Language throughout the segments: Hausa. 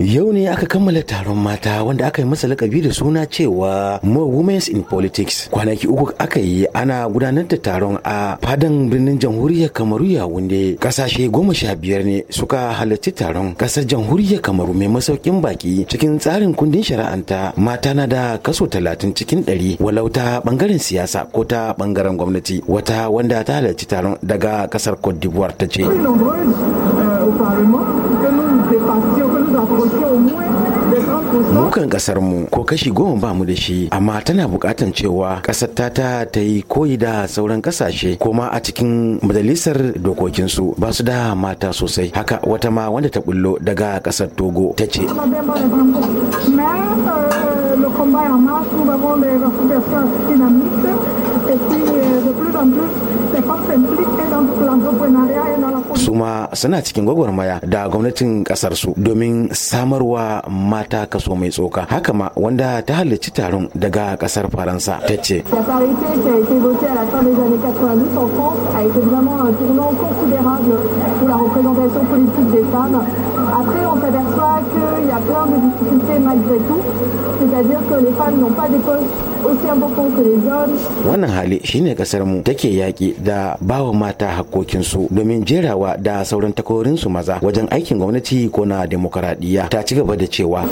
Yau ne aka kammala taron mata wanda aka yi masa lakabi da suna cewa More Women's in Politics. Kwanaki uku aka yi ana gudanar da taron a fadan birnin jamhuriyar Kamaru wunde Kasashe goma sha biyar ne suka halarci taron. Kasar jamhuriyar Kamaru mai masaukin baki cikin tsarin kundin shari'anta mata na da kaso talatin cikin ɗari walauta ta bangaren siyasa ko ta bangaren gwamnati. Wata wanda ta halarci taron daga kasar Cote ta ce. mukan kasar mu ko kashi goma ba mu da shi amma tana bukatan cewa kasar ta ta yi koyi da sauran kasashe kuma a cikin majalisar dokokinsu ba su da mata sosai haka wata ma wanda ta bullo daga kasar togo ta ce le combat en marche, nous avons des qui a été da à la fin des années 90 en France a été vraiment un tournant considérable pour la représentation politique des femmes. Après, on s'aperçoit qu'il y a plein de difficultés malgré tout, c'est-à-dire que les femmes n'ont pas des postes wannan hali shine kasar mu take yaki da bawa mata hakokinsu domin jerawa da sauran takorinsu maza wajen aikin gwamnati ko na demokaradiyya ta ci gaba da cewa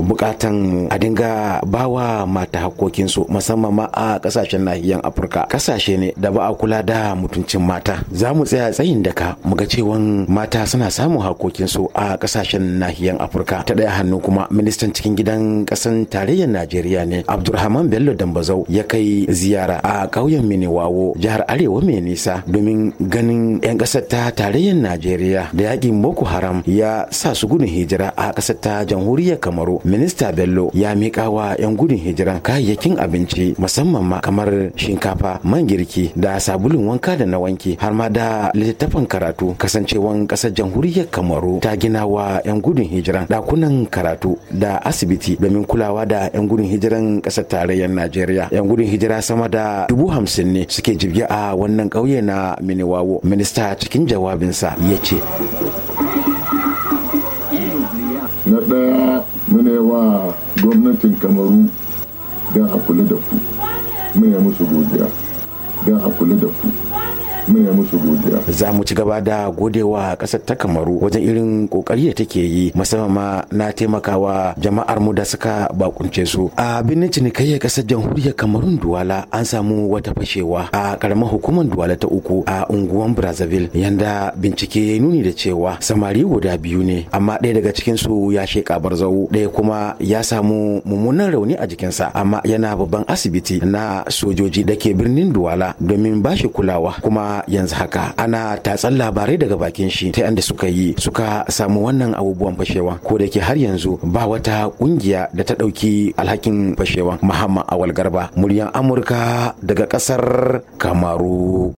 bukatan a dinga bawa mata hakokinsu musamman ma a kasashen nahiyar afirka kasashe ne da ba a kula da mutuncin mata za mu tsaya tsayin daka muga ga cewan mata suna samun hakokinsu a kasashen nahiyar afirka ta daya hannu kuma ministan cikin gidan kasan tarayyar najeriya ne abdulrahman bello dambazau ya kai ziyara a ƙauyen miniwawo jihar arewa mai nisa domin ganin 'yan ƙasar ta tarayyar najeriya da yakin boko haram ya sa su gudun hijira a ƙasar ta jamhuriyar kamaru minista bello ya miƙa wa 'yan gudun hijiran kayayyakin abinci musamman ma kamar shinkafa man girki da sabulun wanka da na wanki har ma da littattafan karatu kasancewan ƙasar jamhuriyar kamaru ta gina wa 'yan gudun hijira ɗakunan karatu da asibiti domin kulawa da 'yan gudun hijiran ƙasar tarayyar Najeriya. 'Yan gudun hijira sama da dubu hamsin ne suke jirgi a wannan ƙauye na Miniwawo. Minista cikin jawabinsa ya ce. Na ɗaya wa gwamnatin Kamaru don a kula da ku. Mune musu godiya don a kula da ku. muna musu godiya za mu ci gaba da godewa kasar ta kamaru wajen irin kokari da take yi musamman ma na taimakawa jama'ar mu da suka bakunce su a birnin cinikayyar kasar jamhuriyar kamarun duwala an samu wata fashewa a karamar hukumar duwala ta uku a unguwan brazzaville yanda bincike ya nuni da cewa samari guda biyu ne amma ɗaya daga cikin su ya sheƙa barzau ɗaya kuma ya samu mummunan rauni a jikinsa amma yana babban asibiti na sojoji da ke birnin duwala domin ba shi kulawa kuma yanzu haka ana tatsan labarai daga bakin shi ta yanda suka yi suka samu wannan abubuwan fashewa ko da ke har yanzu ba wata kungiya da ta ɗauki alhakin fashewa muhammad awal garba muryan amurka daga kasar kamaru